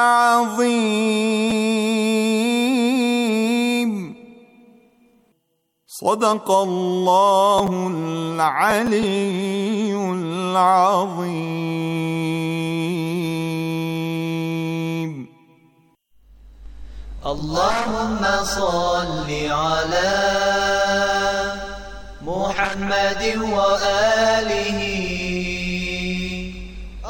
العظيم صدق الله العلي العظيم اللهم صل على محمد وآله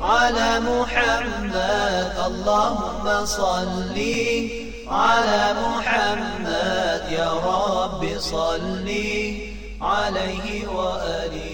على محمد اللهم صل على محمد يا رب صل عليه وآله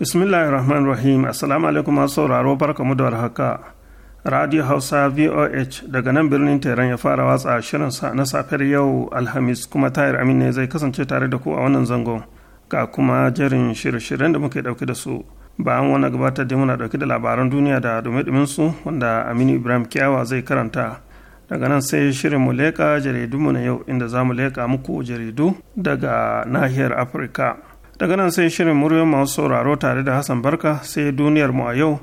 بسم الله الرحمن الرحيم السلام عليكم ورحمه الله وبركاته radio hausa voh daga nan birnin tehran ya fara watsa shirin sa na safiyar yau alhamis kuma tahir amin ne zai kasance tare da ku a wannan zangon ga kuma jerin shirye-shiryen da muke dauke da su bayan wani gabatar da muna dauke da labaran duniya da dume su wanda aminu ibrahim kyawa zai karanta daga nan sai shirin mu leƙa jaridunmu na yau inda za mu leƙa muku jaridu daga nahiyar afirka daga nan sai shirin muryar masu sauraro tare da hassan barka sai duniyar mu a yau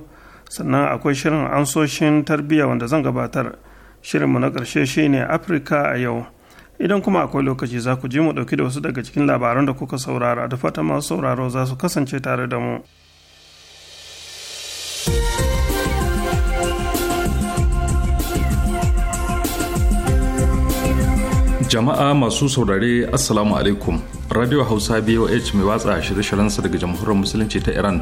sannan akwai shirin ansoshin tarbiyya wanda zan gabatar shirinmu na ƙarshe shine afirka a yau idan kuma akwai lokaci za ku je mu ɗauki da wasu daga cikin labaran da kuka saurara da fata masu sauraro za su kasance tare da mu jama'a masu saurare assalamu alaikum radio hausa boh mai watsa shirye-shiryensa daga jamhuriyar musulunci ta iran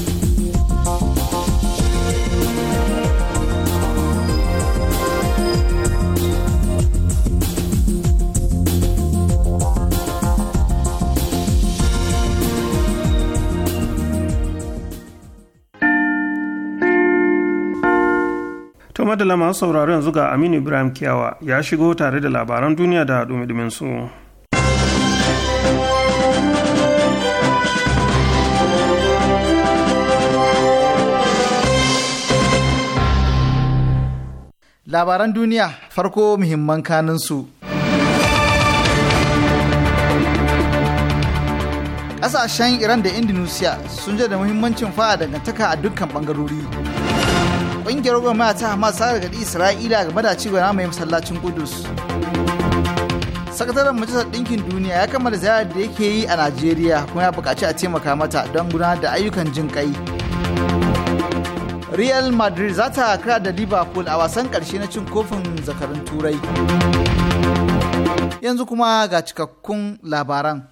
To madala masu sauraro yanzu ga Aminu Ibrahim Kiyawa ya shigo tare da labaran duniya da dumi su. Labaran duniya farko muhimman kaninsu. Ƙasashen Iran da Indonesia sun je da muhimmancin fa'a dangantaka a dukkan bangarori ƙungiyar gwamnati ta hamas ta gargaɗi isra'ila game da cigaba mai masallacin kudus sakataren majalisar ɗinkin duniya ya kammala ziyarar da yake yi a najeriya kuma ya buƙaci a taimaka mata don gudanar da ayyukan jin kai real madrid za ta kira da liverpool a wasan ƙarshe na cin kofin zakarun turai yanzu kuma ga cikakkun labaran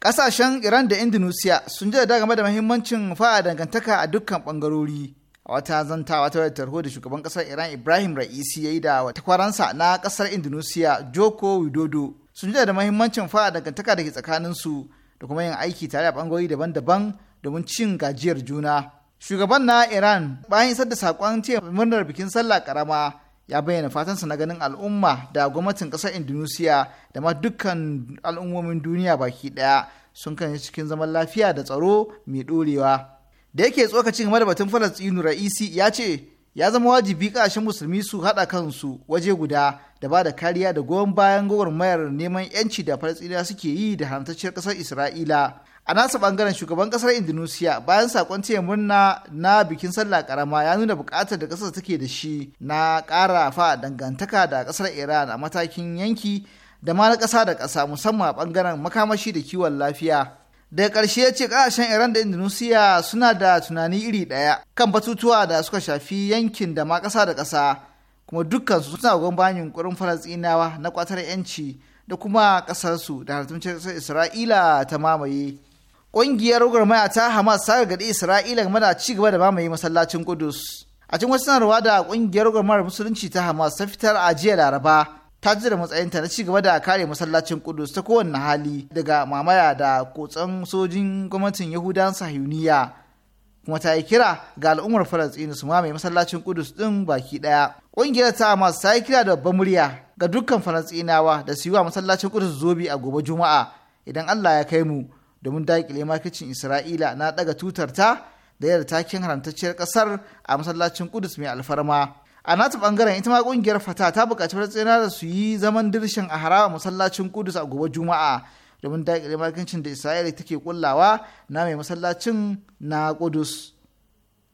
ƙasashen iran da indonesia sun ji da game da mahimmancin fa'a dangantaka a dukkan ɓangarori a wata zanta wata wayar tarho da shugaban kasar iran ibrahim ra'isi ya yi da kwaransa na kasar indonesia joko widodo sun ji da mahimmancin fa'a dangantaka da ke su da kuma yin aiki tare a bangarori daban-daban domin cin gajiyar juna shugaban na iran bayan isar da saƙon ce murnar bikin sallah karama ya bayyana fatansa na ganin al'umma da gwamnatin kasar indonesia da ma dukkan al'ummomin duniya baki daya sun kan cikin zaman lafiya da tsaro mai dorewa. da yake tsokacin game da batun falastinu ra'isi ya ce ya zama wajibi kasashen musulmi su haɗa kansu waje guda da ba da kariya da goyon bayan mayar neman yanci da falastiniya suke yi da hantacciyar kasar isra'ila a nasa bangaren shugaban ƙasar indonesia bayan sakon taya murna na bikin sallah karama ya nuna buƙatar da ƙasar take da shi na ƙara fa dangantaka da ƙasar iran a matakin yanki da ma na ƙasa da ƙasa musamman a bangaren makamashi da kiwon lafiya daga ƙarshe ya ce ƙasashen iran da indonesia suna da tunani iri ɗaya kan batutuwa da suka shafi yankin da ma ƙasa da ƙasa kuma dukkan suna gwan bayan yunkurin falasɗinawa na ƙwatar yanci da kuma ƙasarsu da hartumcin ƙasar isra'ila ta mamaye ƙungiyar gwagwarmaya ta hamas ta gargaɗi isra'ila game da ci gaba da mamaye masallacin kudus a cikin wasu sanarwa da ƙungiyar gwagwarmayar musulunci ta hamas ta fitar a jiya laraba ta jira matsayinta na cigaba da kare masallacin kudus ta kowane hali daga mamaya da kotsan sojin gwamnatin yahudan sahiyuniya kuma ta yi kira ga al'ummar falastinu su mamaye masallacin kudus din baki daya ƙungiyar ta masu ta yi kira da babban murya ga dukkan falastinawa da su yi wa masallacin kudus zobi a gobe juma'a idan allah ya kai mu domin daƙile makicin isra'ila na ɗaga tutar ta da yadda takin haramtacciyar ƙasar a masallacin kudus mai alfarma a nata bangaren ita ma kungiyar fata ta buƙaci tsina da su yi zaman dirshin a harawa masallacin kudus a gobe juma'a domin daƙile makincin da isra'ila take kullawa na mai masallacin na kudus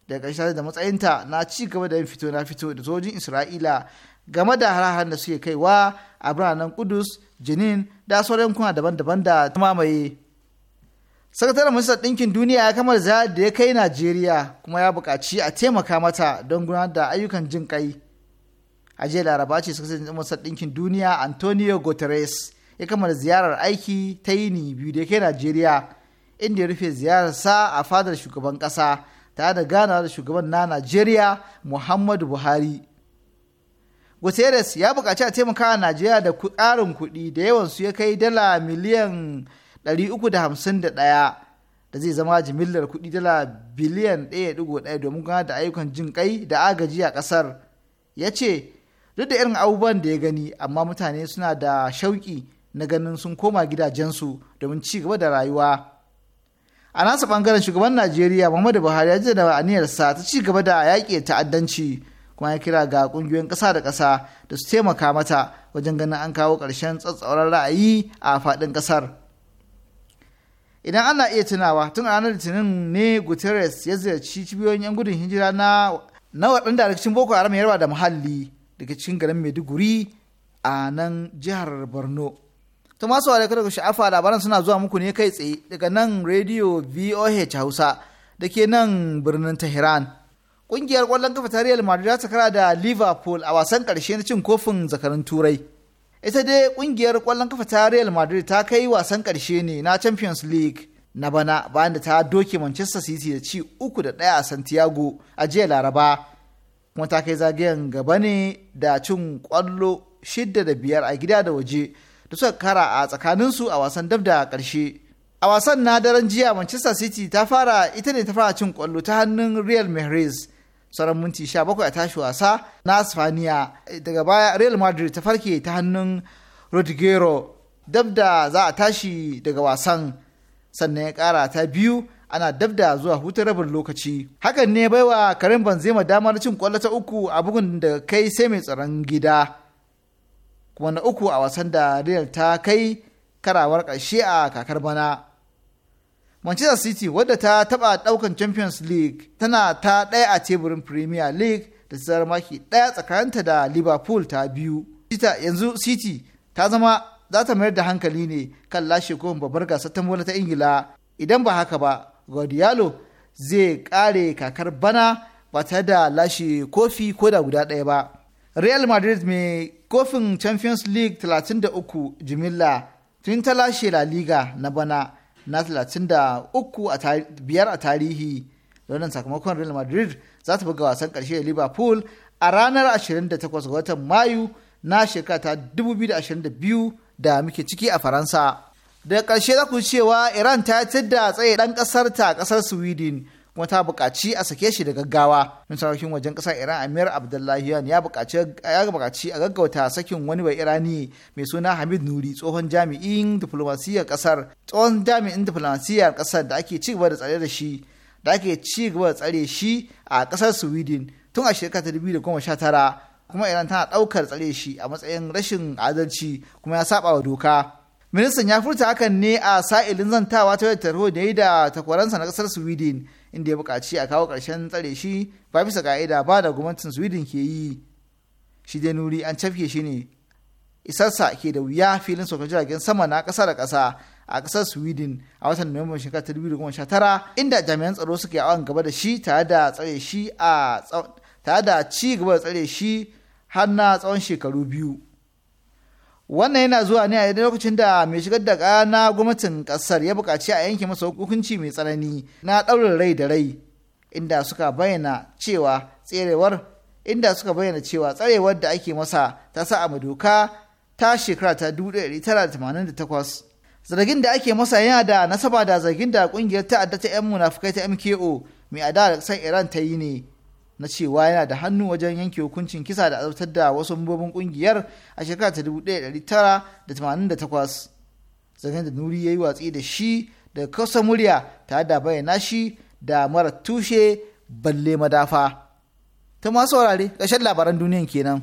daga ƙarshe da matsayinta na ci gaba da yin fito na fito da sojin isra'ila game da harahan da suke kaiwa a biranen kudus jinin da sauran kuna daban-daban da mamaye sakataren majalisar ɗinkin duniya ya kamar za da ya kai najeriya kuma ya buƙaci a taimaka mata don gudanar da ayyukan jin kai a jiya laraba ce sakataren majalisar ɗinkin duniya antonio guterres ya kamar ziyarar aiki ta yini biyu da ya kai najeriya inda ya rufe ziyararsa a fadar shugaban ƙasa tare da gana da shugaban na najeriya muhammadu buhari guterres ya buƙaci a taimaka najeriya da ƙarin kuɗi da yawan su ya kai dala miliyan 351 da zai zama jimillar kuɗi dala biliyan 1.1 domin gana da ayyukan jin kai da agaji a kasar ya ce duk da irin abubuwan da ya gani amma mutane suna da shauƙi na ganin sun koma gidajensu domin ci gaba da rayuwa a nasa ɓangaren shugaban najeriya muhammadu buhari ya ji da aniyarsa ta ci gaba da yaƙi ta'addanci kuma ya kira ga ƙungiyoyin ƙasa da ƙasa da su taimaka mata wajen ganin an kawo ƙarshen tsatsauran ra'ayi a faɗin ƙasar. idan ana iya tunawa tun a ranar litinin ne guterres ya ziyarci cibiyoyin yan gudun hijira na na waɗanda a cikin boko haram yarba da muhalli daga cikin garin maiduguri a nan jihar borno to masu wale kada ku sha'afa labaran suna zuwa muku ne kai tsaye daga nan Radio voh hausa da ke nan birnin tehran ƙungiyar ƙwallon kafa Real madrid ta kara da liverpool a wasan ƙarshe na cin kofin zakarin turai ita dai kungiyar kwallon kafa ta real madrid ta kai wasan karshe ne na champions league na bana bayan da ta doke manchester city da ci uku da ɗaya a santiago a jiya laraba kuma ta kai zagayen gaba ne da cin kwallo shidda da biyar a gida da waje da suka kara a tsakaninsu a wasan dab da karshe a wasan na daren jiya manchester city ta fara ita ne ta fara cin kwallo ta hannun real madrid sauran minti 17 a tashi wasa na Spaniya daga baya Real Madrid ta farke ta hannun rodrigo dab da za a tashi daga wasan sannan ya kara ta biyu ana dab da zuwa hutun rabin lokaci hakan ne baiwa Karim Benzema damar cin kwallo ta uku a bugun da kai sai mai tsaron gida kuma na uku a wasan da Real ta kai karawar ƙarshe a kakar bana manchester city wadda ta taɓa ɗaukan champions league tana ta ɗaya a teburin premier league da ta maki ɗaya tsakaninta da liverpool ta biyu yanzu city ta zama za ta mayar da hankali ne kan lashe kofin babbar gasar ta ta ingila idan ba haka ba guardiola zai kare kakar bana ba tare da lashe kofi ko da guda ɗaya ba real madrid mai kofin champions league 33 jimilla tun ta lashe la liga na bana na 35 biyar a tarihi wannan sakamakon real madrid za ta buga wasan karshe da liverpool a ranar 28 ga watan mayu na shekara ta 2022 da muke ciki a faransa daga karshe za ku cewa iran ta yi da tsaye dan ƙasarta a kasar sweden kuma ta buƙaci a sake shi da gaggawa min wajen ƙasar iran amir abdullahi ya buƙaci a gaggauta sakin wani bai irani mai suna hamid nuri tsohon jami'in diflomasiyyar ƙasar tsohon jami'in diflomasiyyar ƙasar da ake ci gaba da tsare da shi da ake ci gaba da tsare shi a ƙasar sweden tun a shekara ta da goma sha tara kuma iran tana ɗaukar tsare shi a matsayin rashin adalci kuma ya saba wa doka ministan ya furta hakan ne a sa'ilin zantawa ta tarho da yi da takwaransa na ƙasar sweden inda ya buƙaci a kawo ƙarshen tsare shi ba bisa ka'ida ba da gwamnatin sweden ke yi shi dai nuri an cafke shi ne isarsa ke da wuya filin saukar jiragen sama na ƙasa da ƙasa a ƙasar sweden a watan nuwamban shekarar ta dubu sha tara inda jami'an tsaro suke awon gaba da shi da shi tare da ci gaba da tsare shi har na tsawon shekaru biyu. wannan yana zuwa ne a lokacin da mai shigar da na gwamnatin kasar ya buƙaci a yanke masa hukunci mai tsanani na ɗaurin rai da rai inda suka bayyana cewa tserewar inda suka bayyana cewa tsarewar da ake masa ta sa a doka ta shekara ta 1988 zargin da ake masa yana da nasaba da zargin da kungiyar ta'adda ta 'yan munafukai ta mko mai adalar san iran ta yi ne na cewa yana da hannu wajen yanke hukuncin kisa da azabtar da wasu mambobin kungiyar a shekara ta 1988 zanen da nuri ya yi watsi da shi daga kausa murya ta da bayyana shi da mara tushe balle madafa ta masu saurare ƙarshen labaran duniyan kenan.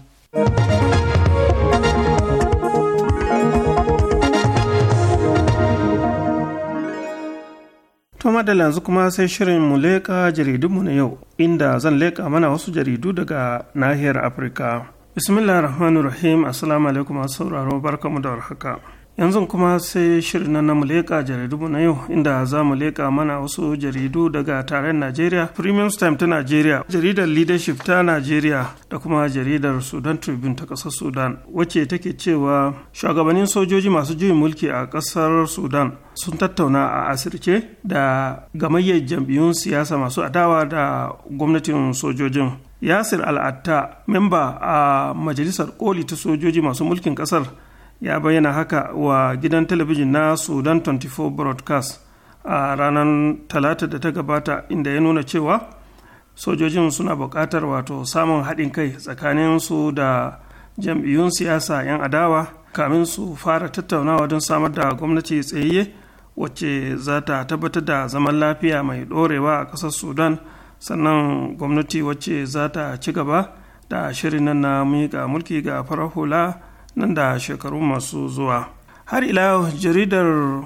To madalla yanzu kuma sai shirin mu leƙa mu na yau inda zan leƙa mana wasu jaridu daga nahiyar Afirka. Bismillahir Rahmanir Rahim. Assalamu alaikum sauraro barkamu da warhaka. yanzu kuma sai shirin na mu leƙa na yau inda za mu leƙa mana wasu jaridu daga taron najeriya premium time ta najeriya jaridar leadership ta najeriya da kuma jaridar sudan tribune ta ƙasar sudan wacce take cewa shugabannin sojoji masu juyin mulki a ƙasar sudan sun tattauna a asirce da gamayyar jam'iyyun siyasa masu adawa da gwamnatin sojojin yasir al'atta memba a majalisar koli ta sojoji masu mulkin ƙasar ya bayyana haka wa gidan talabijin na sudan 24 broadcast a ranar talata da ta gabata inda ya nuna cewa sojojin suna buƙatar wato samun haɗin kai tsakanin su da jam'iyyun siyasa 'yan adawa kamin su fara tattaunawa don samar da gwamnati tsayayye wacce za ta tabbatar da zaman lafiya mai ɗorewa a ƙasar sudan sannan gwamnati wacce za ta ci gaba da shirin nan na miƙa mulki ga farar hula nan da shekaru masu zuwa har ila jaridar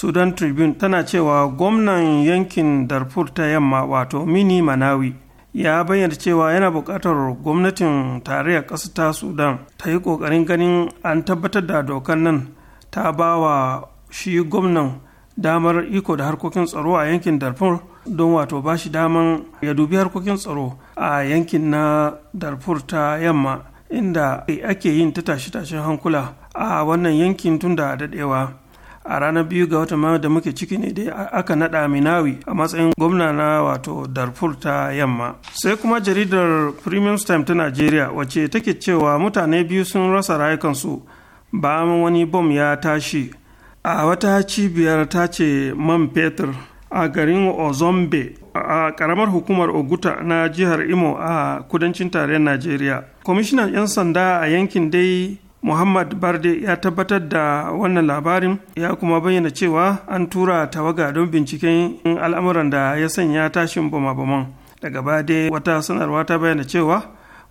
sudan tribune tana cewa gwamnan yankin darfur ta yamma wato mini manawi ya bayyana cewa yana buƙatar gwamnatin tarayyar ƙasa ta sudan ta yi ƙoƙarin ganin an tabbatar da dokan nan ta ba wa shi gwamnan damar iko da harkokin tsaro a yankin darfur don wato ba shi daman ya dubi harkokin tsaro a yankin na darfur ta yamma inda ake yin ta tashe-tashen hankula a wannan yankin tun da daɗewa a ranar biyu ga watan mayu da muke ciki ne dai aka naɗa minawi a matsayin gwamna na wato darfur ta yamma sai kuma jaridar premium time ta najeriya wacce take cewa mutane biyu sun rasa rayukansu ba wani bom ya tashi a wata cibiyar ta ce man fetur a garin ozombe a karamar hukumar oguta na jihar imo a kudancin tarayyar najeriya kwamishinan 'yan sanda a yankin dai muhammad barde ya tabbatar da wannan labarin ya kuma bayyana cewa an tura tawaga don binciken al'amuran da ya sanya tashin bama-baman daga baya dai wata sanarwa ta bayyana cewa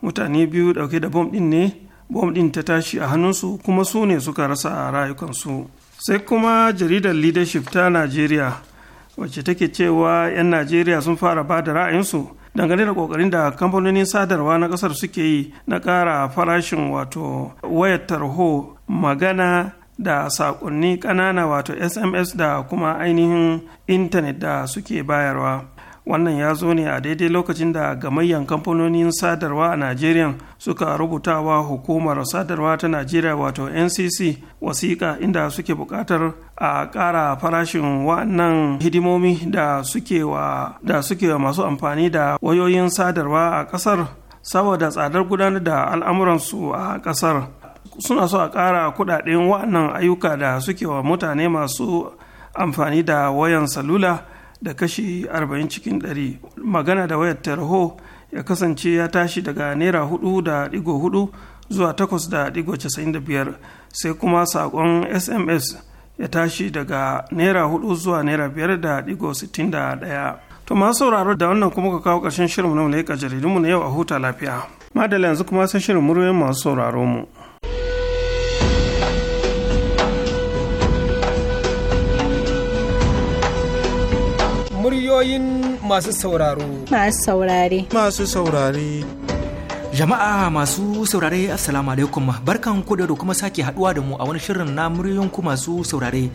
mutane biyu dauke da bom din ne bom din ta tashi a hannunsu kuma su ne suka rasa rayukansu sai kuma jaridar leadership ta najeriya wacce take cewa 'yan najeriya sun fara ba da ra'ayinsu dangane da kokarin da kamfanonin sadarwa na kasar suke yi na kara farashin wato wayar tarho magana da saƙonni ƙanana wato sms da kuma ainihin intanet da suke bayarwa wannan ya zo ne a daidai lokacin da gamayyan kamfanonin sadarwa a najeriya suka rubutawa hukumar sadarwa ta najeriya wato ncc wasiƙa inda suke buƙatar a ƙara farashin wannan hidimomi da suke wa masu amfani da wayoyin sadarwa a ƙasar saboda tsadar gudanar da al'amuransu a ƙasar suna so a ƙara kuɗaɗen wa'annan ayyuka da suke wa mutane masu amfani da wayan salula da kashi 40 cikin 100 magana da wayar tarho ya kasance ya tashi daga naira 4.4 zuwa da 8.95 sai kuma saƙon sms ya tashi daga naira 4 zuwa naira 5.61 to masu sauraro da wannan kuma ka kawo ƙarshen shirin na ka jaridunmu na yau a huta lafiya madalla yanzu kuma sai shirin muryoyin masu sauraro mu Muryoyin masu sauraro. Masu saurare. Masu saurare. Jama'a masu saurare Assalamu alaikum barkan ku da kuma sake haduwa da mu a wani shirin na muryoyinku masu saurare.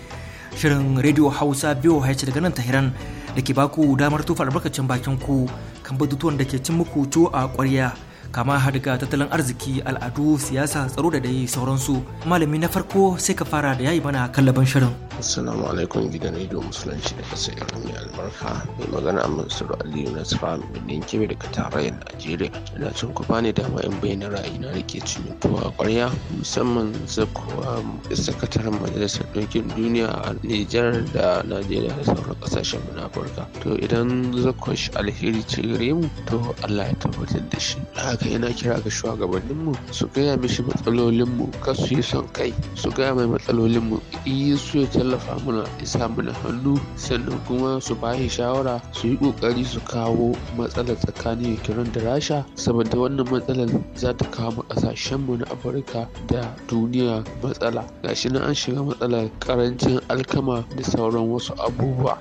Shirin Radio Hausa biyu haice daga nan Tahiran da ke baku damar tufa albarkacin bakin ku kan batutuwan da ke cin muku to a ƙwarya. kama har daga tattalin arziki al'adu siyasa tsaro da dai sauransu malami na farko sai ka fara da yayi mana kallaban shirin assalamu alaikum gidan rediyo musulunci da kasa irin mai albarka mai magana a mansur aliyu na sura mai ninke daga tarayyar najeriya ina cin kufa ne dama in bayyana ra'ayina da ke cin a kwarya musamman zakuwa sakataren majalisar ɗaukin duniya a nijar da najeriya da sauran ƙasashen mu na afirka to idan zakuwa alheri ce gare mu to allah ya tabbatar da shi haka yana kira ga shugabanninmu su gaya mishi matsalolinmu kar su yi son kai su gaya mai matsalolinmu in yi su ya tallafa muna isa mana hannu sannan kuma su bayi shawara su yi kokari su kawo matsalar tsakanin ukraine da rasha saboda wannan matsalar za ta kawo mu na afirka da duniya matsala gashi na an shiga matsalar karancin alkama da sauran wasu abubuwa.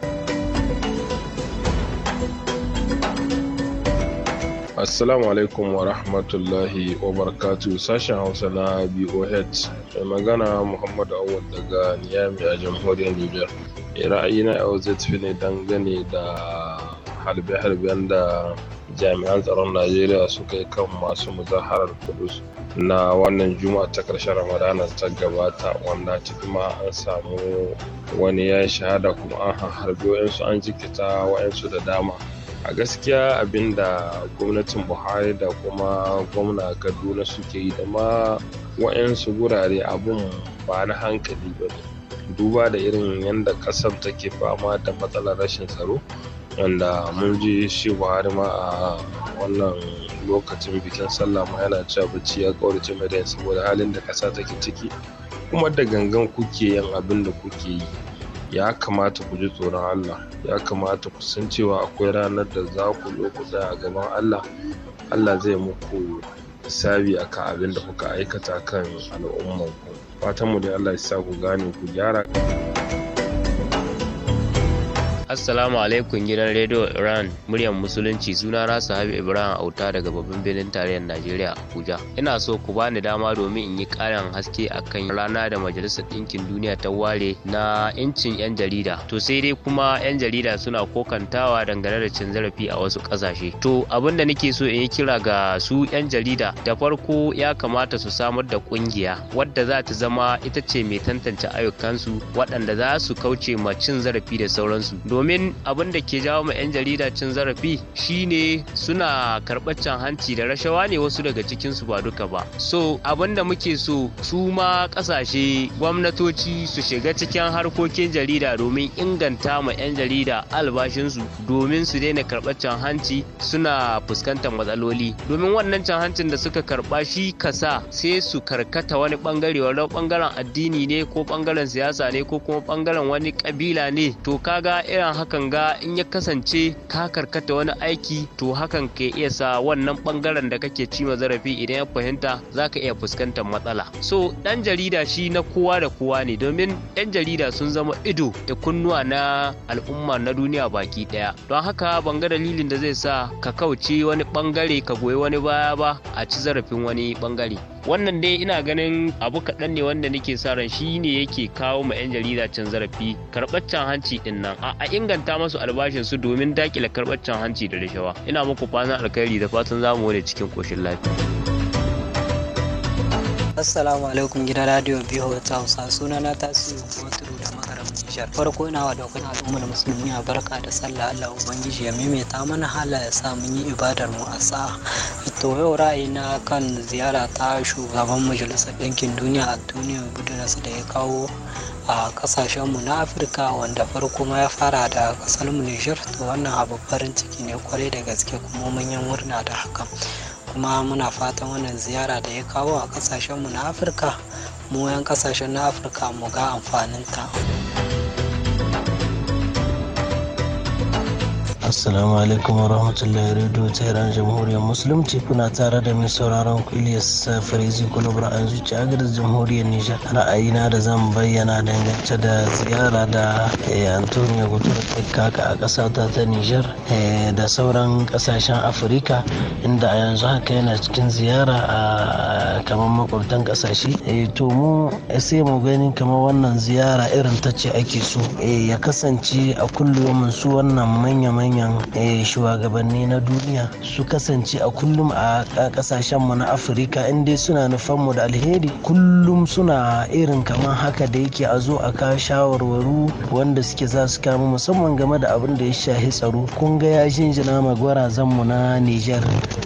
Assalamu alaikum wa rahmatullahi wa barakatu sashen Hausa na BOH mai magana Muhammadu Awad daga Niyami a jamhuriyar Nijar. Eh, ra'ayina yau zai tafi ne dangane da harbe-harben da jami'an tsaron Najeriya suka yi kan masu muzaharar kudus na wannan juma'a ta karshen ramadana ta gabata wanda ciki ma an samu wani ya shahada kuma an harbe wa'yansu an jikita wa'yansu da dama a gaskiya abinda gwamnatin buhari da kuma gwamna kaduna suke yi da ma wa'yansu gurare abun ba na hankali ba ne duba da irin yadda ƙasar take fama da matsalar rashin tsaro wanda mun ji shi buhari ma a wannan lokacin bikin sallah ma yana cewa bacci ya kaurace mai saboda halin da ƙasa take ciki kuma da gangan kuke yin abin da kuke yi ya kamata ku ji tsoron Allah ya kamata ku san cewa akwai ranar da za ku lokuta a gaban Allah Allah zai muku hisabi akan abin da kuka aikata kan al'ummanku fatanmu da dai Allah ya sa ku gane ku gyara Assalamu alaikum gidan Radio Iran muryar musulunci suna na habi Ibrahim Auta daga babban birnin tarayyar Najeriya Abuja. Ina so ku bani dama domin in yi karin haske a kan rana da Majalisar Ɗinkin Duniya ta ware na 'yancin 'yan jarida. To sai dai kuma 'yan jarida suna kokantawa dangane da cin zarafi a wasu ƙasashe. To abin da nake so in yi kira ga su 'yan jarida da farko ya kamata su samar da ƙungiya wadda za ta zama ita ce mai tantance ayyukansu waɗanda za su kauce ma cin zarafi da sauransu. domin abin da ke jawo ma 'yan jarida cin zarafi shine suna karɓar hanci da rashawa ne wasu daga cikinsu ba duka ba so abin da muke so su ma ƙasashe gwamnatoci su shiga cikin harkokin jarida domin inganta ma 'yan jarida albashinsu domin su daina karɓar hanci suna fuskantar matsaloli domin wannan can hancin da suka karɓa shi kasa sai su karkata wani bangare wani bangaren addini ne ko bangaren siyasa ne ko kuma bangaren wani kabila ne to kaga irin irin hakan ga in ya kasance ka karkata wani aiki to hakan ke iya sa wannan bangaren da kake ci ma zarafi idan ya fahimta za ka iya fuskantar matsala so ɗan jarida shi na kowa da kowa ne domin 'yan jarida sun zama ido da kunnuwa na al'umma na duniya baki ɗaya don haka ban ga dalilin da zai sa ka kauce wani bangare ka goyi wani baya ba a ci zarafin wani bangare wannan dai ina ganin abu kaɗan ne wanda nake sa ran shi ne yake kawo ma 'yan jarida cin zarafi karɓar can hanci ɗin nan a inganta masu albashin su domin dakile karɓar hanci da rashawa ina muku fatan alkhairi da fatan zamu wani cikin koshin lafiya Assalamu alaikum gidan Radio bi ta Hausa suna na tasiri wato da makarar Nijar. Farko ina wa daukan al'ummar musulmi a barka da sallah Allah Ubangiji ya maimaita mana hala ya sa mun yi ibadar mu a sa. To yau ra'ayina kan ziyara ta shugaban majalisar ɗinkin duniya a duniya Gudunas da ya kawo a kasashenmu na afirka wanda farko ma ya fara da ƙasar mu nijar to wannan abu farin ciki ne kwarai da gaske kuma manyan murna da hakan kuma muna fatan wannan ziyara da ya kawo a kasashenmu na afirka mu 'yan kasashen na afirka mu ga amfaninta. ta assalamu alaikum warahmatullahi radio ta iran jamhuriyar musulunci kuna tare da min sauraron ku ilyas farizi kulubra an zuci agadis jamhuriyar nijar ra'ayina da zan bayyana dangance da ziyara da eh, antonio guterres kaka a ƙasa ta nijar eh, da sauran kasashen afirka inda a yanzu haka yana cikin ziyara a kamar makwabtan ƙasashe eh, to mu sai mu gani kamar wannan ziyara irin ta ce ake so ya kasance a kullum su wannan manya-manya manyan eh, shugabanni na duniya su kasance a kullum a kasashenmu na afirka inda suna nufanmu da alheri kullum suna irin kamar haka da yake a zo a kawo shawarwaru wanda suke za su kama musamman game da abin da ya shahi tsaro kun ga ya shinjina mu na niger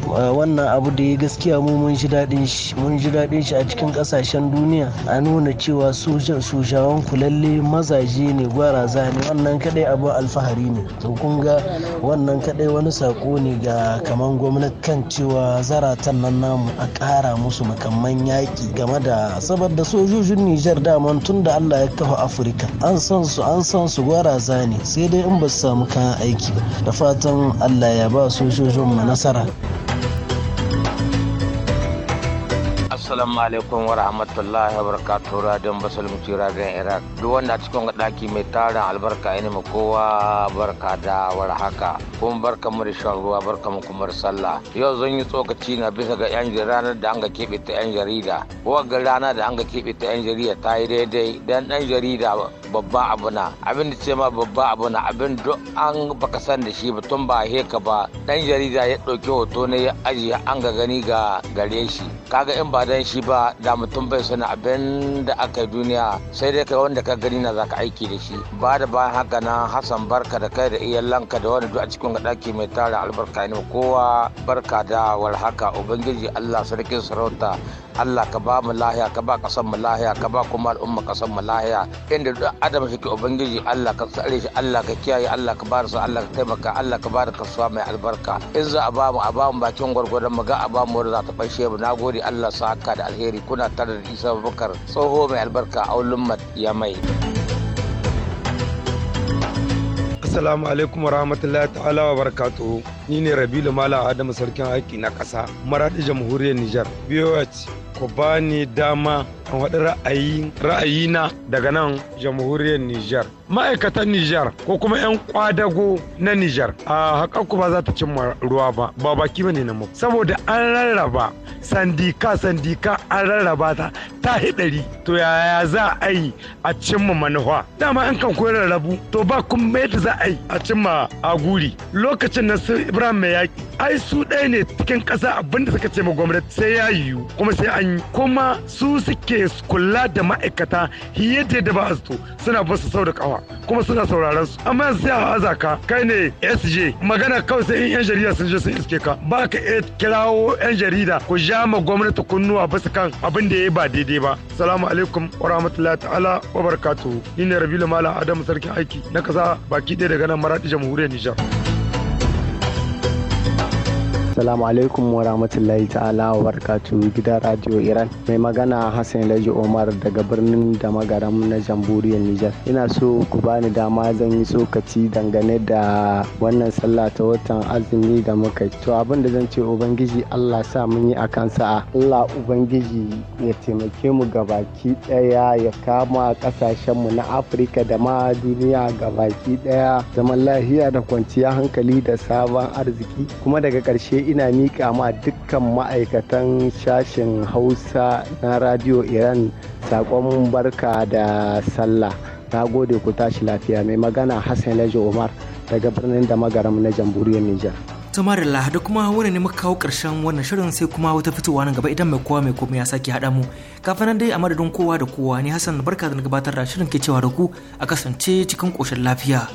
wannan abu da ya gaskiya mu mun ji daɗin shi mun ji daɗin shi a cikin kasashen duniya a nuna cewa sojan sojawan ku lalle mazaje ne gwaraza ne wannan kadai abu alfahari ne to kun ga wannan kadai wani sako ne ga kamar gwamnati kan cewa zaratan nan namu a kara musu makamman yaƙi game da saboda sojojin nijar daman tun da allah ya kafa afirka an san su an san su gwaraza ne sai dai in ba su samu kayan aiki ba da fatan allah ya ba sojojin mu nasara Assalamu alaikum wa rahmatullahi wa barakatuhu radiyon musulunci radiyon Iraq. Duk wanda cikin ga ɗaki mai tarin albarka ina mu kowa barka da warhaka haka. Kun barka mu da shan ruwa barka mu kuma sallah. Yau zan yi tsokaci na bisa ga yan ranar da an ga keɓe ta yan jarida. ga rana da an ga keɓe ta yan jarida ta yi daidai dan ɗan jarida babba abu na abin da ce ma babba abu na abin duk an baka san da shi ba tun ba heka ba dan jarida ya ɗauki hoto ne ya ajiye an ga gani ga gare shi kaga in ba dan shi ba da mutum bai sani abin da aka duniya sai dai ka wanda ka gani na za ka aiki da shi ba da bayan haka na hassan barka da kai da iyalanka da wani duk a cikin ɗaki mai tara albarka ne kowa barka da warhaka ubangiji allah sarki sarauta allah ka ba mu lahiya ka ba ƙasar mu lahiya ka ba kuma al'umma ƙasar mu lahiya inda duk adam shi ke ubangiji Allah ka tsare shi Allah ka kiyaye Allah ka bar Allah ka taimaka Allah ka bar kasuwa mai albarka in za a ba mu a ba mu bakin gwargwadon mu ga a ba mu za ta fashe mu nagode Allah sa haka da alheri kuna tare da Isa bakar tsoho mai albarka a ulummat ya mai Assalamu alaikum warahmatullahi ta'ala wa barakatuhu ni ne Rabilu Malam Adamu sarkin aiki na ƙasa Maradi jamhuriyar Nijar BOH ku ni dama a waɗi ra'ayi na daga nan jamhuriyar Nijar. ma'aikatan Nijar ko kuma 'yan kwadago na Nijar a haƙaƙu ba za ta cimma ruwa ba ba baki bane na mafi saboda an rarraba sandika sandika an rarraba ta ta hidari to yaya za a yi a cimma manufa dama an kan koyar rarrabu to ba kuma yadda za a yi a cimma a guri lokacin na sun Ibrahim mai yaƙi ai su ɗaya ne cikin ƙasa abinda suka ce ma gwamnati sai ya yiwu kuma sai an yi kuma su suke kula da ma'aikata yadda da ba su suna basu sau da ƙawa kuma suna sauraron su amma yanzu sai a haza ka kai ne sj magana kawai sai yan jarida sun je sun iske ka ba ka iya kirawo yan jarida ku ja ma gwamnati kunnuwa bisa kan abin da ya ba daidai ba salamu alaikum wa rahmatullahi ta'ala wa barakatuhu ni ne rabilu malam adamu sarkin aiki na kasa baki ɗaya daga nan maraɗi jamhuriyar nijar. Assalamu alaikum wa rahmatullahi ta'ala wa barkatu gidan Radio Iran. Mai magana Hassan Laji Omar daga birnin da magaram na jamhuriyar Nijar. Ina so ku bani dama zan yi tsokaci dangane da wannan sallah ta watan azumi da muka To abin da zan ce Ubangiji Allah sa mun yi a kan sa'a. Allah Ubangiji ya taimake mu gabaki daya ya kama ƙasashen mu na Afirka da ma duniya gabaki ɗaya. zaman lafiya da kwanciya hankali da sabon arziki kuma daga ƙarshe ina miƙa ma dukkan ma'aikatan sashen hausa na radio iran saƙon barka da sallah na gode ku tashi lafiya mai magana hassan lajo umar daga birnin da magaram na jamhuriyar nijar tamarilla da kuma wani ne muka kawo ƙarshen wannan shirin sai kuma wata fitowa nan gaba idan mai kowa mai komai ya sake haɗa mu kafin nan dai a madadin kowa da kowa ne hassan barka da gabatar da shirin ke cewa da ku a kasance cikin koshin lafiya.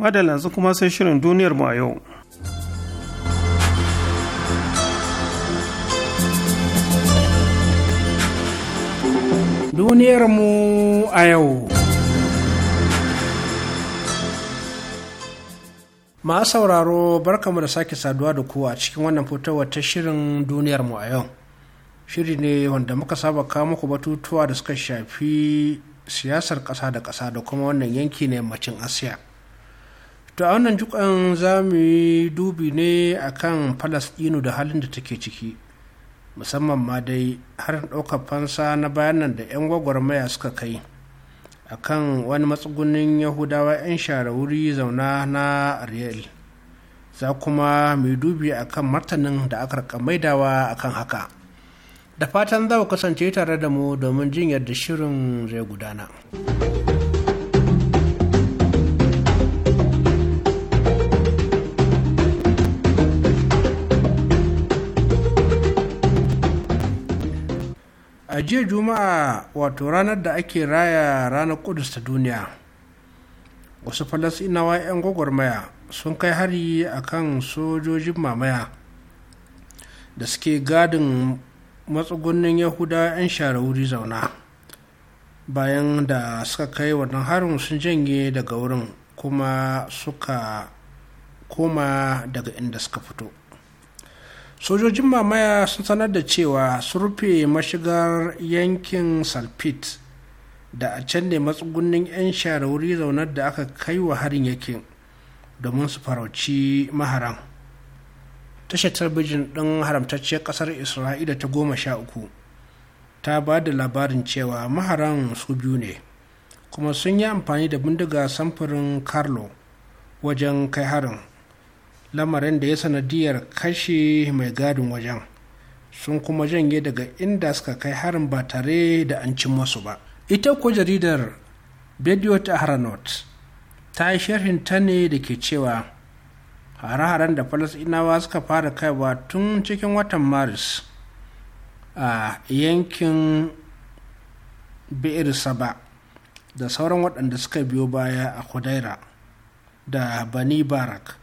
madalla yanzu kuma sai shirin duniyar mu a yau duniyar mu a yau ma sauraro barkamu da sake saduwa da kuwa a cikin wannan fitowar ta shirin duniyar mu a yau shiri ne wanda muka saba kawo muku batutuwa da suka shafi siyasar ƙasa da ƙasa da kuma wannan yanki na yammacin asiya to a wannan jukan za mu yi dubi ne a akan falasɗinu da halin da take ciki musamman ma dai har ɗaukar fansa na bayanan da 'yan gwagwarmaya suka kai a kan wani matsugunin yahudawa 'yan shara wuri zauna na ariel za kuma mai dubi a kan martanin da aka rika maidawa kan haka da fatan za ku kasance tare da mu domin jin yadda shirin zai gudana. jiya juma'a wato ranar da ake raya ranar kudus ta duniya wasu falasinawa 'yan gwagwarmaya sun kai hari a kan sojojin mamaya da suke gadin matsugunin yahuda 'yan share wuri zauna bayan da suka kai wannan harin sun janye daga wurin kuma suka koma daga inda suka fito sojojin mamaya sun sanar da cewa sun rufe mashigar yankin salpit da a can ne matsugunnin 'yan share wuri zaunar da aka kai wa harin yakin domin su farauci maharan tashar talbijin ɗin haramtacciyar ƙasar isra'ila ta goma sha uku ta ba da labarin cewa maharan su biyu ne kuma sun yi amfani da bindiga samfurin carlo wajen kai harin lamarin da ya sanadiyar kashe mai gadin wajen sun kuma janye daga inda suka kai harin ba tare da an cin masu ba ita ko jaridar bediyo ta haranot ta yi sharhin ta ne da ke cewa hare-haren da falasinawa suka fara kaiwa tun cikin watan maris a yankin bi'ir saba da sauran waɗanda suka biyo baya a kudaira da bani barak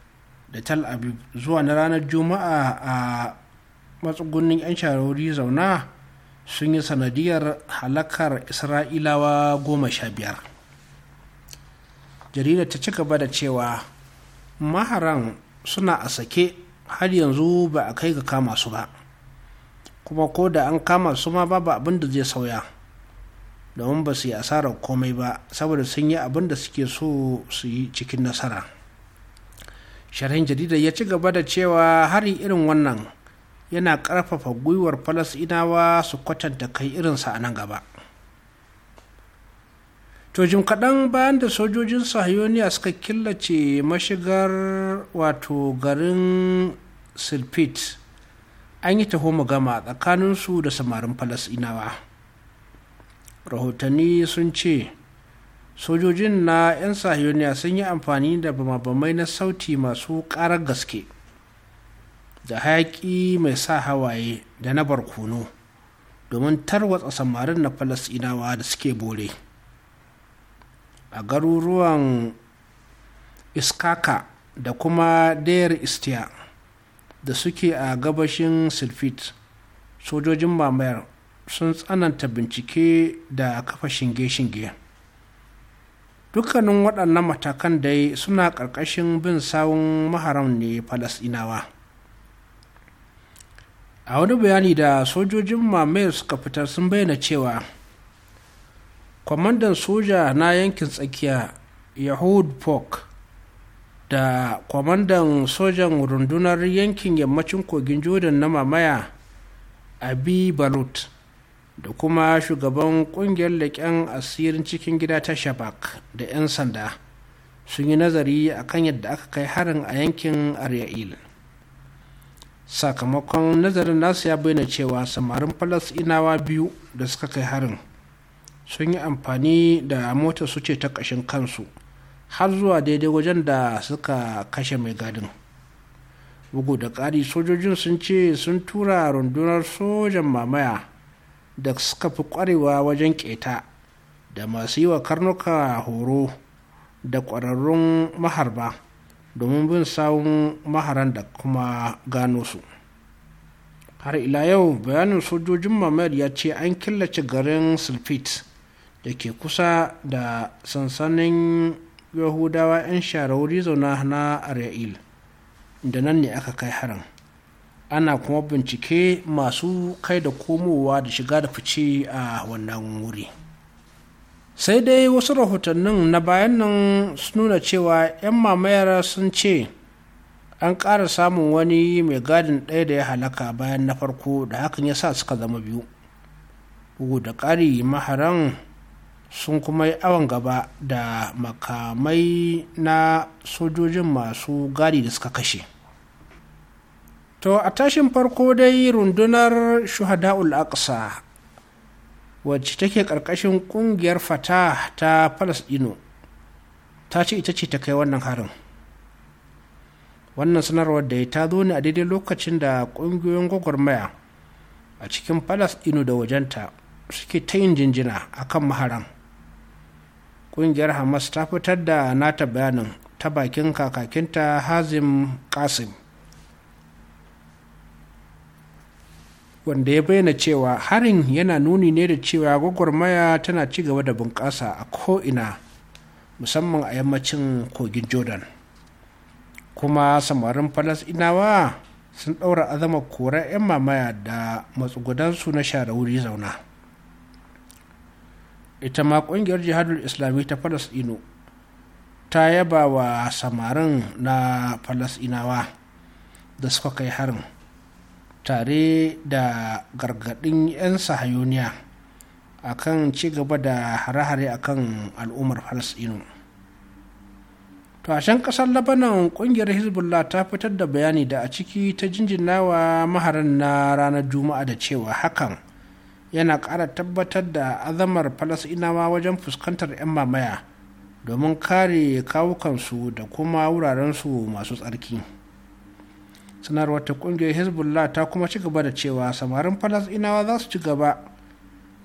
da tel aviv zuwa na ranar juma'a a matsugunin 'yan sharori zauna sun yi sanadiyar halakar isra'ilawa goma sha biyar jarida ta ci gaba da cewa maharan suna a sake har yanzu ba a kai ga kama su ba kuma ko da an kama su ma babu abin da zai sauya domin ba su yi asarar komai ba saboda sun yi abin da suke so su yi cikin nasara sharhin jaridar ya ci gaba da cewa hari irin wannan yana ƙarfafa gwiwar falasinawa su kwatanta kai irinsa a nan gaba to jim kaɗan bayan da sojojin sahiyoniya suka killace mashigar wato garin silpit an yi taho gama tsakaninsu da samarin falasinawa rahotanni sun ce sojojin na 'yan sahiyoniya sun yi amfani da bamabamai na sauti masu ƙarar gaske da hayaki mai sa hawaye da na barkono domin tarwatsa samarin na falasinawa da suke bore a garuruwan iskaka da kuma dayar istiya da suke a gabashin silfit sojojin mamayar sun tsananta bincike da kafa shinge-shinge dukkanin waɗannan matakan dai suna ƙarƙashin bin sawun maharam ne falasɗinawa a wani bayani da sojojin mamayar suka fitar sun bayyana cewa kwamandan soja na yankin tsakiya yahud pok da kwamandan sojan rundunar yankin yammacin kogin jordan na mamaya abi balut da kuma shugaban kungiyar leƙen asirin cikin gida ta shabak da 'yan sanda sun yi nazari a kan yadda aka kai harin a yankin arya'il sakamakon nazarin nasu ya bayyana cewa samarin falasinawa biyu da suka kai harin sun yi amfani da mota su ce ta ƙashin kansu har zuwa daidai wajen da suka kashe mai gadin bugu da ƙari sojojin sun ce sun tura rundunar sojan mamaya da suka fi ƙwarewa wajen ƙeta da masu yi wa karnuka horo da ƙwararrun maharba domin bin sawun maharan da kuma gano su har ila yau bayanin sojojin mamayar ya ce an killace garin sulfit da ke kusa da sansanin yahudawa 'yan shara wuri zauna na arya'il da nan ne aka kai harin ana kuma bincike masu kai da komowa da shiga da fice a wannan wuri sai dai wasu rahotannin na bayan nan sun nuna cewa 'yan mamayar sun ce an ƙara samun wani mai gadin ɗaya da ya halaka bayan na farko da hakan ya sa suka zama biyu bugu da ƙari maharan sun kuma yi awon gaba da makamai na sojojin masu gadi da suka kashe to a tashin farko dai rundunar shuhada'ul aqsa wacce take ƙarƙashin ƙungiyar fata ta falasɗino ta ce ita ce ta kai wannan harin wannan sanarwar da ta zo ne a daidai lokacin da ƙungiyoyin gwagwarmaya a cikin falasɗino da wajenta suke ta yin jinjina a kan maharan ƙungiyar hamas ta fitar da nata bayanin ta bakin kakakinta hazim kasim wanda ya bayyana cewa harin yana nuni ne da cewa gwagwarmaya tana ci gaba da bunƙasa a ko'ina musamman a yammacin kogin jordan kuma samarin falasinawa sun ɗaura azama korar 'yan mamaya da matsugudansu na share wuri zauna ita ma ƙungiyar jihadul islami ta falasino ta yaba wa samarin na falasinawa da suka kai harin tare da gargaɗin 'yan sahayoniya a kan gaba da hare-hare a kan al'ummar falasɗinu tashen ƙasar labanan ƙungiyar hezbollah ta fitar da bayani da a ciki ta jinjinawa maharan na ranar juma'a da cewa hakan yana ƙara tabbatar da azamar falasɗinawa wajen fuskantar 'yan mamaya domin kare kawukansu da kuma wurarensu masu tsarki. sanarwar ta kungiyar hezbollah ta kuma ci gaba da cewa samarin falasɗinawa za su ci gaba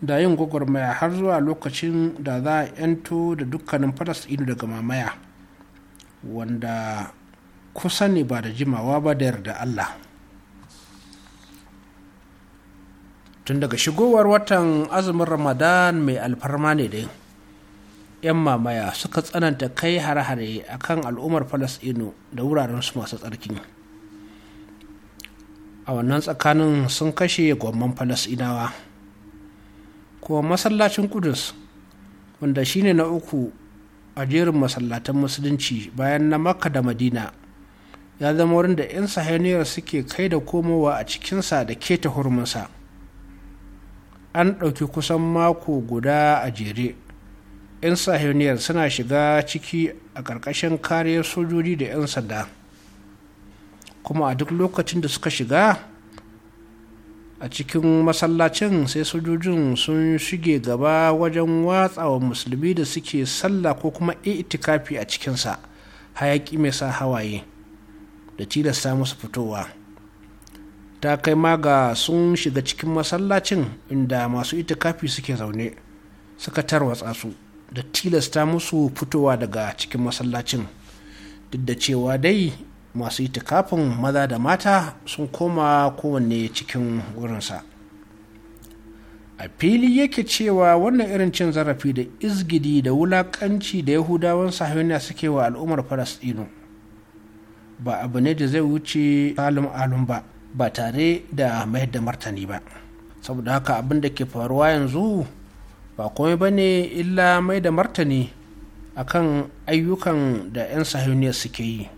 da yin gwagwarmaya har zuwa lokacin da za a yanto da dukkanin falasɗinu daga mamaya wanda kusa ne ba da jimawa ba da yarda allah tun daga shigowar watan azumin ramadan mai alfarma ne dai 'yan mamaya suka tsananta kai hare-hare akan al'ummar falasɗinu da wuraren su masu tsarki. a wannan tsakanin sun kashe gwamman falasinawa kuma masallacin kudus wanda shine na uku a jerin masallatan musulunci bayan na makka da madina ya zama wurin da 'yan sahaniyar suke kai da komowa a cikinsa da ke ta hurminsa an ɗauki kusan mako guda a jere 'yan sahaniyar suna shiga ciki a ƙarƙashin kariyar sojoji da 'yan sanda. kuma a duk lokacin da suka shiga a cikin masallacin sai sojojin sun shige gaba wajen watsawa musulmi da suke sallah ko kuma itikafi a cikinsa hayaki mai sa hawaye da tilasta musu fitowa ta kai ma ga sun shiga cikin masallacin inda masu itikafi suke zaune suka tarwatsa su da tilasta musu fitowa daga cikin masallacin duk da cewa dai masu itikafin maza da mata sun koma kowanne cikin wurinsa a fili yake cewa wannan irin cin zarafi da izgidi da wulakanci da yahudawan sahiyoniya suke wa al'ummar falasɗinu ba abu ne da zai wuce halin alum ba ba tare da mayar da martani ba saboda haka abin da ke faruwa yanzu ba komai ba ne illa mai da martani akan ayyukan da 'yan sahiyoniya suke yi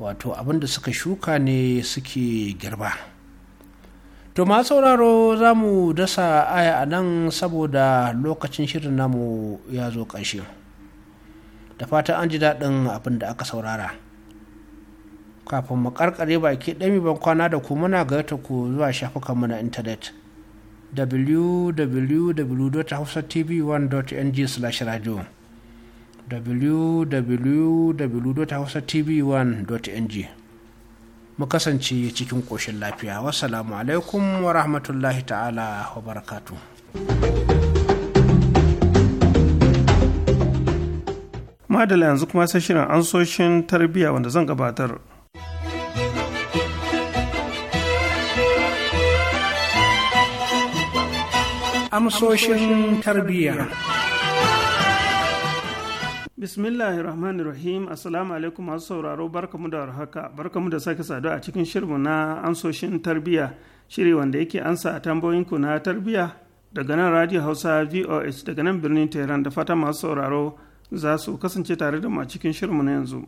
wato abin da suka shuka ne suke girba to ma sauraro za mu dasa aya a nan saboda lokacin shirin namu ya zo ƙarshe da fatan an ji daɗin abin da aka saurara kafin mu karkare baki ɗami ban kwana da ku muna gayyata ku zuwa shafukanmu na intanet www.hausatv1.ng/radio www.hausatv1.ng mu kasance cikin ƙoshin lafiya wasalamu alaikum wa rahmatullahi ta'ala wa barakatu. madala yanzu kuma sai shirin ansoshin tarbiyya wanda zan gabatar amsoshin tarbiyya Bismillahirrahmanirrahim Assalamu alaikum masu sauraro barkamu da warhaka barkamu da sake saduwa a cikin shirmu na ansoshin tarbiyya shiri wanda yake ansa a tambayoyinku na tarbiyya daga nan Radio Hausa VOH daga nan birnin Tehran da fata masu sauraro za su kasance tare da mu a cikin shirmu na yanzu.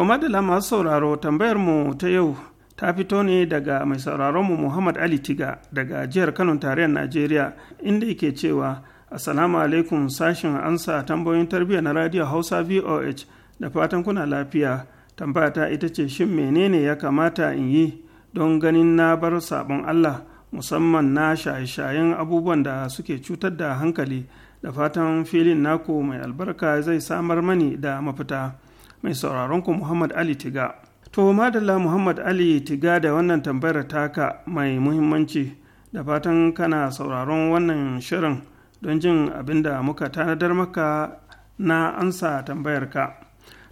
To madala masu sauraro tambayar mu ta yau ta fito ne daga mai sauraron mu Muhammad Ali Tiga daga jihar Kano tarayyar Najeriya inda yake cewa Assalamu alaikum sashin ansa tambayoyin tarbiyya na Radio Hausa VOH da fatan kuna lafiya. Tambata ita ce shin menene ya kamata in yi don ganin na bar sabon Allah musamman na shaye-shayen abubuwan da suke cutar da hankali da fatan filin naku mai albarka zai samar mani da mafita. mai sauraron ku Muhammad Ali Tiga. To madalla Muhammad Ali Tiga da wannan tambayar taka mai muhimmanci da fatan kana sauraron wannan shirin don jin abin da muka tanadar maka na ansa tambayar ka.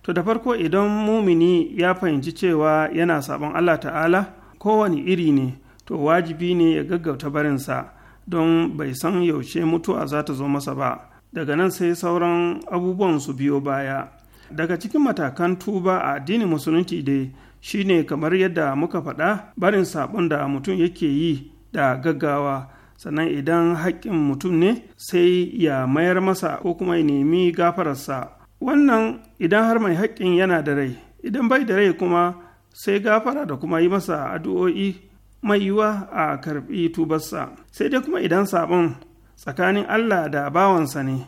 To da farko idan mumini ya fahimci cewa yana sabon Allah ta'ala kowane iri ne to wajibi ne ya gaggauta barinsa don bai san yaushe mutuwa za ta zo masa ba daga nan sai sauran abubuwan su biyo baya. daga cikin matakan tuba a addinin musulunci dai shine kamar yadda muka faɗa barin saɓon da mutum yake yi da gaggawa sannan idan haƙƙin mutum ne sai ya mayar masa ko kuma ya nemi gafararsa wannan idan har mai haƙƙin yana da rai idan bai da rai kuma sai gafara da kuma yi masa addu'o'i mai yiwa a karɓi tubarsa sai dai kuma idan saɓon tsakanin allah da bawansa ne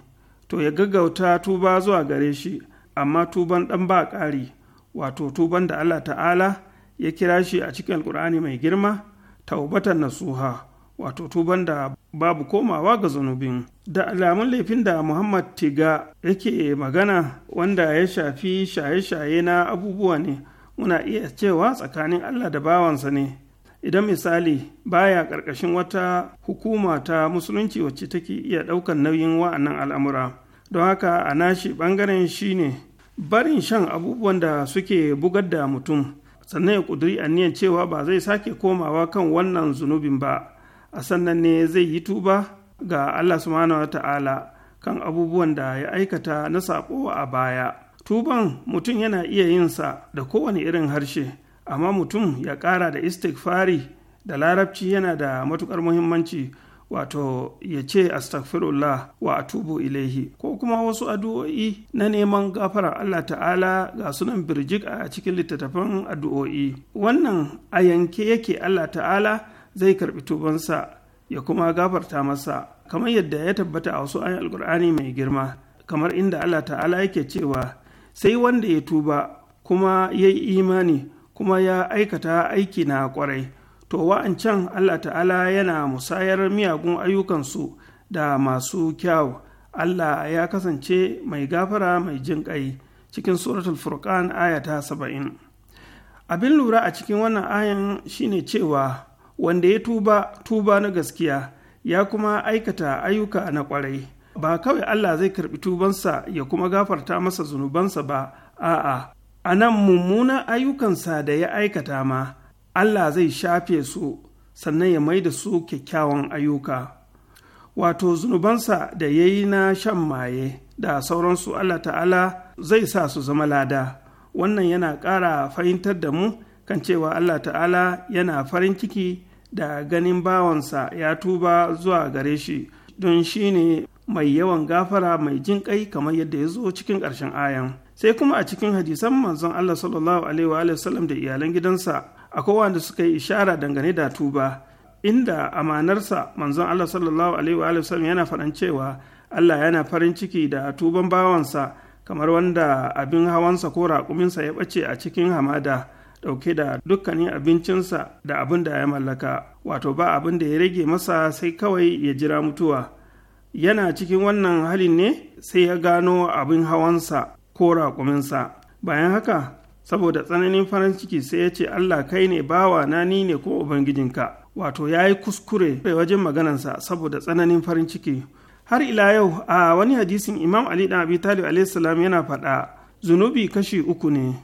to ya gaggauta tuba zuwa gare shi amma tuban ɗan ba ƙari wato tuban da allah ta'ala ya kira shi a cikin alkur'ani mai girma taubatan nasuha wato tuban da babu komawa ga zunubin da alamun laifin da muhammad tiga yake magana wanda ya shafi shaye-shaye na abubuwa ne muna iya cewa tsakanin allah da bawansa ne idan misali baya ƙarƙashin wata hukuma ta musulunci wacce take iya ɗaukan nauyin wa'annan al'amura don haka a nashi ɓangaren ne barin shan abubuwan da suke bugar da mutum sannan ya ƙuduri aniyan cewa ba zai sake komawa kan wannan zunubin ba a sannan ne zai yi tuba ga Allah subhanahu wa ta'ala kan abubuwan da ya aikata na sako a baya tuban mutum yana iya yin sa da kowane irin harshe amma mutum ya ƙara da istighfari da larabci yana da matukar muhimmanci wato ya ce astaghfirullah wa atubu ilaihi ko kuma wasu addu'o'i na neman gafara Allah ta'ala ga sunan birjik a cikin littattafan addu'o'i wannan a yanke yake Allah ta'ala zai karbi tubansa ya kuma gafarta masa kamar yadda ya tabbata a wasu ayan alkur'ani mai girma kamar inda Allah ta'ala yake cewa sai wanda ya tuba kuma ya yi imani kuma ya aikata aiki na kwarai to wa'ancan Allah ta'ala yana musayar miyagun ayyukansu da masu kyau Allah ya kasance mai gafara mai jin ƙai cikin suratul furqan aya saba'in abin lura a cikin wannan ayan shine cewa wanda ya tuba tuba na gaskiya ya kuma aikata ayyuka na kwarai ba kawai Allah zai karbi tubansa ya kuma gafarta masa zunubansa ba a'a a nan mummuna ayyukansa da ya aikata ma Allah zai shafe su sannan ya mai da su kyakkyawan ayyuka wato zunubansa da ya yi na shan maye da sauransu Allah ta'ala zai sa su zama lada wannan yana ƙara fahimtar da mu kan cewa Allah ta'ala yana farin ciki da ganin bawansa ya tuba zuwa gare shi don shi ne mai yawan gafara mai jin kai kamar yadda ya zo cikin ƙarshen ayan sai kuma a cikin hadisan manzon Allah sallallahu alaihi wa sallam da iyalan gidansa akwai wanda suka yi ishara dangane da tuba inda amanarsa manzon Allah sallallahu alaihi wa sallam yana faɗan cewa Allah yana farin ciki da tuban bawansa kamar wanda abin hawansa ko raƙuminsa ya ɓace a cikin hamada ɗauke da dukkanin abincinsa da abin da ya mallaka wato ba abin da ya rage masa sai kawai ya jira mutuwa yana cikin wannan halin ne sai ya gano abin hawansa ko raƙuminsa bayan haka saboda tsananin farin ciki sai ya ce Allah kai ne bawa na ni ne kuma ubangijinka wato ya yi kuskure wajen maganansa saboda tsananin farin ciki har ila yau a wani hadisin imam ali dan abi talib salam yana faɗa zunubi kashi uku ne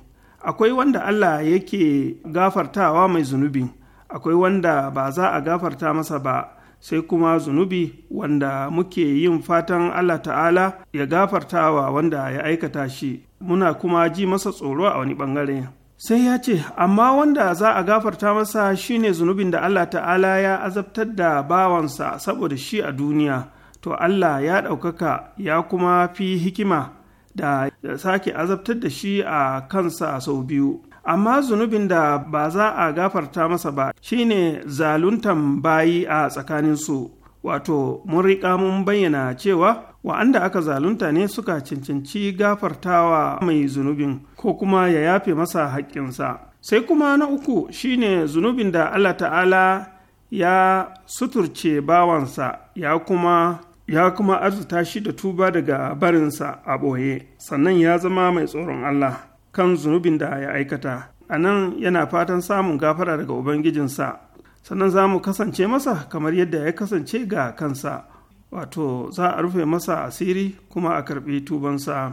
akwai wanda Allah yake gafartawa mai zunubi akwai wanda ba za a gafarta masa ba sai kuma zunubi wanda muke yin fatan Allah ta'ala ya gafarta wa wanda ya aikata shi muna kuma ji masa tsoro a wani bangare sai ya ce amma wanda za a gafarta masa shine zunubin da Allah ta'ala ya azabtar da bawansa saboda shi a duniya to Allah ya ɗaukaka ya kuma fi hikima da sake azabtar da shi a kansa sau biyu amma zunubin da ba za a gafarta masa ba shine zaluntan bayi a tsakaninsu wato mun riƙa mun bayyana cewa wa'anda aka zalunta ne suka cancanci gafartawa mai zunubin ko kuma ya yafe masa haƙƙinsa sai kuma na uku shine zunubin da allah ta'ala ya suturce bawansa ya kuma ya kuma arzuta shi da tuba daga barinsa a ɓoye sannan ya zama mai tsoron allah kan zunubin da ya aikata a nan yana fatan samun gafara daga ubangijinsa sannan za mu kasance masa kamar yadda ya kasance ga kansa wato za a rufe masa asiri kuma a karbi tubansa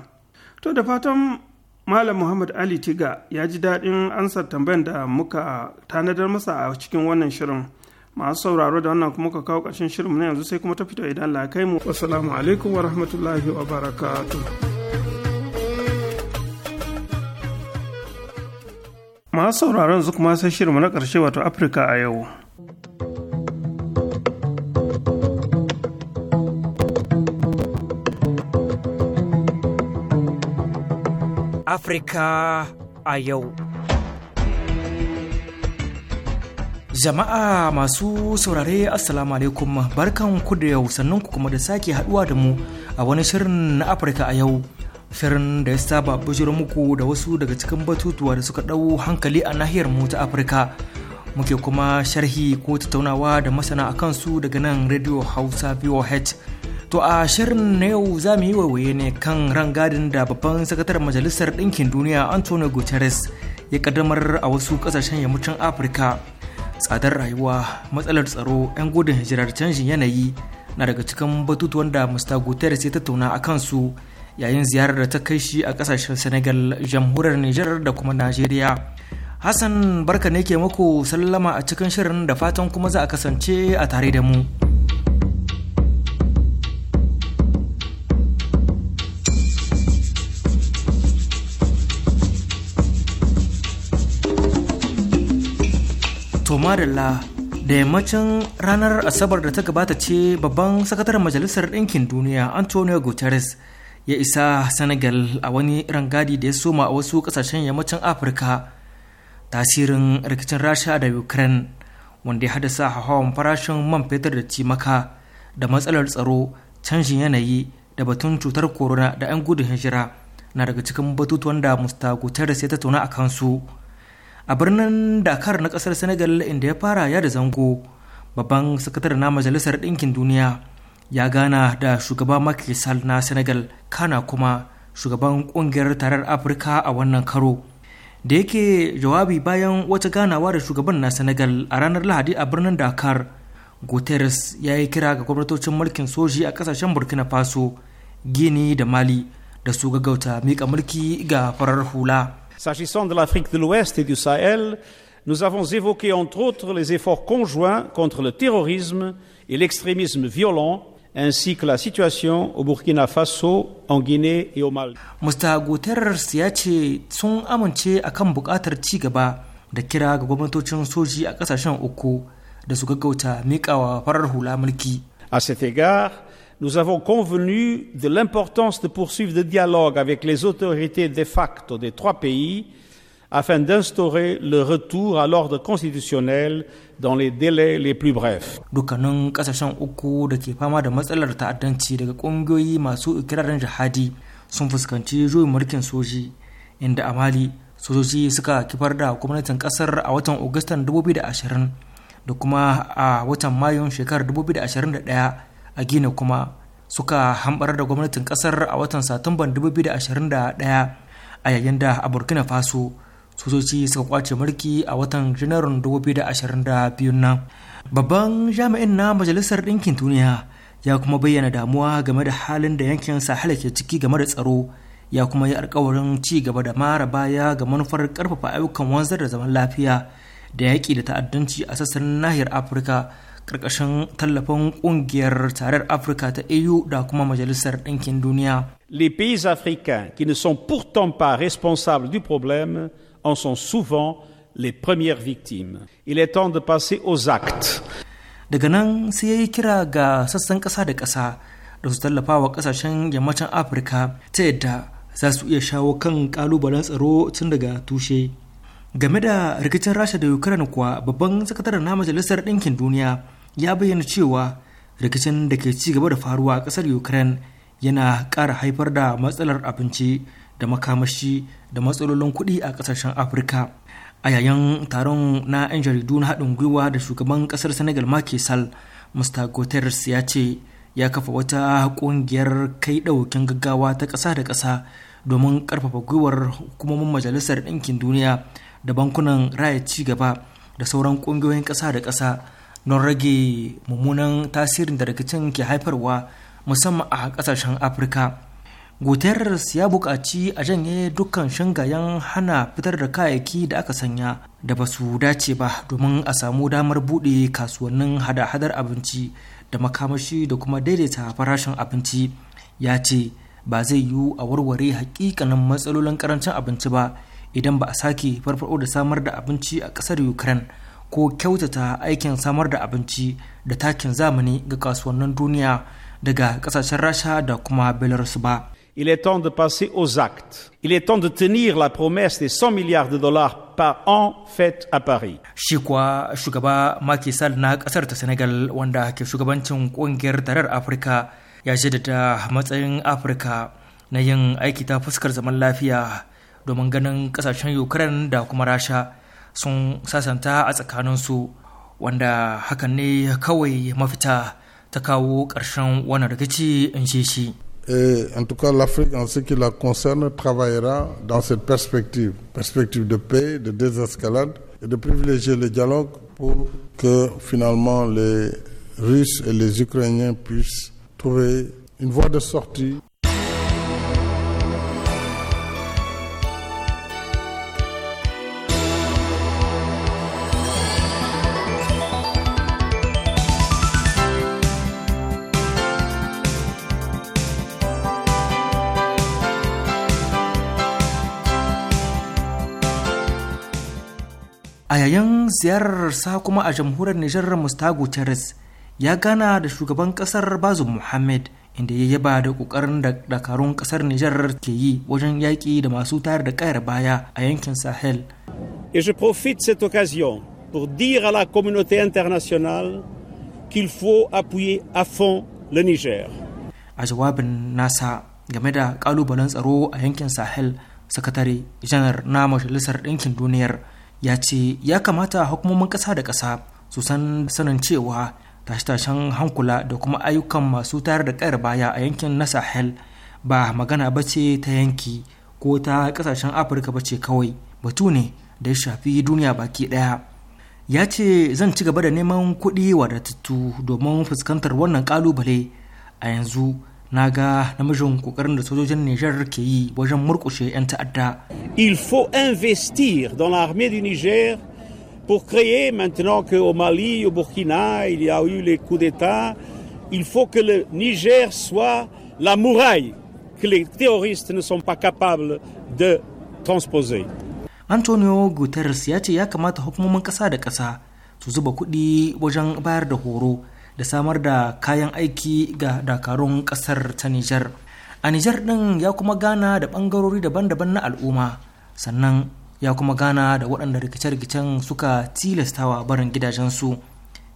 to da fatan malam muhammad ali tiga ya ji daɗin ansar tambayan da muka tanadar masa a cikin wannan shirin masu sauraro da wannan kuma ka kawo ƙarshen shirin na yanzu sai kuma ta fito idan la kai mu wassalamu alaikum wa rahmatullahi wa barakatuh masu sauraron zuku masu shirinmu na ƙarshe wato afirka a yau afirka a yau jama'a masu saurare assalamu alaikum barkan ku da yau sannan ku kuma da sake haɗuwa da mu a wani shirin na afirka a yau shirin da ya saba bujiro muku da wasu daga cikin batutuwa da suka ɗau hankali a nahiyar mu ta afirka muke kuma sharhi ko tattaunawa da masana a kansu daga nan radio hausa voh to a shirin na yau za mu yi waiwaye ne kan rangadin da babban sakataren majalisar ɗinkin duniya antonio guterres ya kaddamar a wasu ƙasashen yammacin afirka tsadar rayuwa matsalar tsaro 'yan gudun hijirar canjin yanayi na daga cikin batutuwan da mr guterres ya tattauna a kansu yayin ziyarar da ta kai shi a kasashen senegal jamhuriyar niger da kuma nigeria hassan barka ne ke muku sallama a cikin shirin da fatan kuma za a kasance a tare da mu tomarilla da yammacin ranar asabar da ta gabata ce babban sakataren majalisar ɗinkin duniya antonio guterres ya isa senegal a wani rangadi da ya soma a wasu kasashen yammacin afirka tasirin rikicin rasha da ukraine wanda ya haddasa hawan farashin man fetur da cimaka da matsalar tsaro canjin yanayi da batun cutar corona da 'yan gudun hijira na daga cikin batutuwan da musta guterres ya tattauna a kansu a birnin dakar na kasar senegal inda ya fara ya da zango babban sakatare na majalisar ɗinkin duniya ya gana da shugaba makisal na Senegal kana kuma shugaban kungiyar tarar Afirka a wannan karo. Da yake jawabi bayan wata ganawa da shugaban na Senegal a ranar Lahadi a birnin Dakar, Guterres ya yi kira ga gwamnatocin mulkin soji a kasashen Burkina Faso, gini da Mali da su gaggauta mika mulki ga farar hula. de de et du Sahel, nous avons évoqué entre autres les efforts conjoints contre le terrorisme et l'extrémisme violent ainsi que la situation au Burkina Faso, en Guinée et au Mali. a À cet égard, nous avons convenu de l'importance de poursuivre le dialogue avec les autorités de facto des trois pays afin d'instaurer le retour à l'ordre constitutionnel dans les délais les plus brefs. Dukkanin kasashen uku da ke fama da matsalar ta'addanci daga kungiyoyi masu ikirarin jihadi sun fuskanci juyin mulkin soji inda a Mali sojoji suka kifar da gwamnatin kasar a watan Agustan 2020 da kuma a watan Mayun shekarar 2021 a Gina kuma suka hambar da gwamnatin kasar a watan Satumban 2021 a yayin da a Burkina Faso sojoji suka kwace mulki a watan janairun 2022 nan babban jami'in na majalisar ɗinkin duniya ya kuma bayyana damuwa game da halin da yankin sahel ke ciki game da tsaro ya kuma yi alkawarin ci gaba da mara baya ga manufar karfafa ayyukan wanzar da zaman lafiya da yaƙi da ta'addanci a sassan nahiyar afirka ƙarƙashin tallafin ƙungiyar tarar afirka ta au da kuma majalisar ɗinkin duniya les pays africains qui ne sont pourtant pas responsables du problème en sont souvent les premières victimes. Il est temps de passer aux actes. Daga nan sai ya yi kira ga sassan kasa da kasa da su tallafa wa kasashen yammacin Afirka ta yadda za su iya shawo kan kalubalen tsaro tun daga tushe. Game da rikicin Rasha da Ukraine kuwa babban sakataren na Majalisar Ɗinkin Duniya ya bayyana cewa rikicin da ke ci gaba da faruwa a ƙasar Ukraine yana ƙara haifar da matsalar abinci da makamashi da matsalolin kuɗi a ƙasashen afirka a yayin taron na 'yan jaridu na haɗin gwiwa da shugaban ƙasar senegal Macky Sall mr guterres ya ce ya kafa wata ƙungiyar kai ɗaukin gaggawa ta ƙasa da ƙasa domin ƙarfafa gwiwar hukumomin majalisar ɗinkin duniya da bankunan raya ci gaba da sauran ƙungiyoyin ƙasa da ƙasa don rage mummunan tasirin da rikicin ke haifarwa musamman a ƙasashen afirka guterres ya buƙaci a janye dukkan shingayen hana fitar da kayayyaki da aka sanya da ba su dace ba domin a samu damar buɗe kasuwannin hada-hadar abinci da makamashi da kuma daidaita farashin abinci ya ce ba zai yiwu a warware hakikanin matsalolin karancin abinci ba idan ba a sake farfado da samar da abinci a ƙasar ukraine ko kyautata aikin samar da abinci da takin zamani ga kasuwannin duniya daga ƙasashen rasha da kuma belarus ba Il est temps de passer aux actes. Il est temps de tenir la promesse des 100 milliards de dollars par an faite à Paris. Shikwa shugaba Macky Sall na kasar ta Senegal wanda ke shugabancin kungiyar tarar Afirka ya jaddada matsayin Afirka na yin aiki ta fuskar zaman lafiya domin ganin kasashen Ukraine da kuma Rasha sun sasanta a tsakaninsu wanda hakan ne kawai mafita ta kawo ƙarshen wannan rikici in shi. Et en tout cas, l'Afrique, en ce qui la concerne, travaillera dans cette perspective, perspective de paix, de désescalade et de privilégier le dialogue pour que finalement les Russes et les Ukrainiens puissent trouver une voie de sortie. yayin sa kuma a jamhuriyar Nijar Mustagu Charles ya gana da shugaban kasar Bazum Muhammad inda ya yaba da kokarin da dakarun kasar Nijar ke yi wajen yaƙi da masu tayar da kayar baya a yankin Sahel. Et je profite cette occasion pour dire à la communauté internationale qu'il faut appuyer à fond le Niger. A jawabin nasa game da kalubalen tsaro a yankin Sahel, sakatare janar na Majalisar Ɗinkin Duniyar ya ce ya kamata hukumomin ƙasa da ƙasa su san sanin cewa tashe-tashen hankula da kuma ayyukan masu tayar da ƙayar baya a yankin na sahel ba magana ba ce ta yanki ko ta ƙasashen afirka ba ce kawai batu ne da ya shafi duniya baki ɗaya ya ce zan ci gaba da neman kuɗi wadatattu domin fuskantar wannan ƙalubale a yanzu na ga namijin kokarin da sojojin ke yi wajen murkushe 'yan ta'adda. Il faut investir dans l'armée du Niger pour créer maintenant qu'au Mali, au Burkina, il y a eu les coups d'État, il faut que le Niger soit la muraille que les terroristes ne sont pas capables de transposer. Antonio Guterres ya ce ya kamata hukumomin ƙasa da ƙasa su zuba kuɗi wajen bayar da horo da samar da kayan aiki ga dakarun kasar ta Nijar. A Nijar ɗin ya kuma gana da ɓangarori daban-daban na al'umma sannan ya kuma gana da waɗanda rikice-rikicen suka tilastawa barin gidajensu.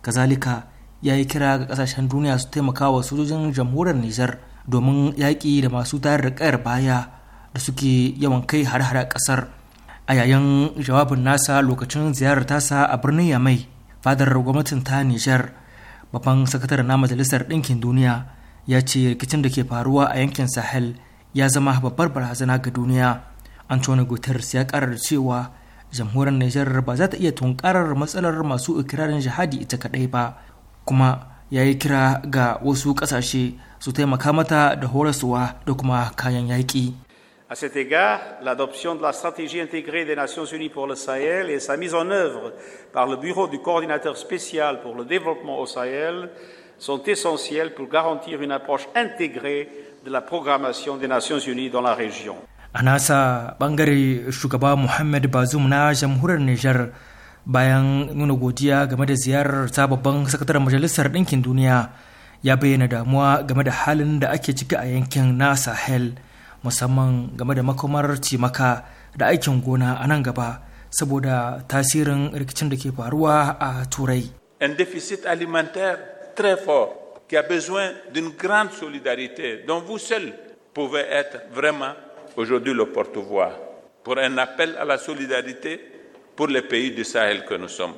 Kazalika ya yi kira ga ƙasashen duniya su taimaka wa sojojin jamhuriyar Nijar domin yaƙi da masu tayar da ƙayar baya da suke yawan kai har-har ƙasar. A yayin jawabin nasa lokacin ziyarar tasa a birnin Yamai, fadar gwamnatin ta Nijar babban sakatare na majalisar ɗinkin duniya ya ce rikicin da ke faruwa a yankin sahel ya zama babbar barazana ga duniya antonio guterres ya karar cewa jamhuriyar nijar ba za ta iya tunkarar matsalar masu ikirarin jihadi ita kadai ba kuma ya yi kira ga wasu kasashe su taimaka mata da horaswa da kuma kayan yaƙi À cet égard, l'adoption de la stratégie intégrée des Nations Unies pour le Sahel et sa mise en œuvre par le Bureau du coordinateur spécial pour le développement au Sahel sont essentielles pour garantir une approche intégrée de la programmation des Nations Unies dans la région. Un déficit alimentaire très fort qui a besoin d'une grande solidarité dont vous seul pouvez être vraiment aujourd'hui le porte-voix pour un appel à la solidarité pour les pays du Sahel que nous sommes.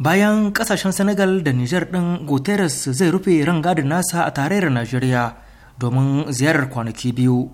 bayan kasashen senegal da niger ɗin guterres zai rufe rangadin nasa a tarayyar najeriya domin ziyarar kwanaki biyu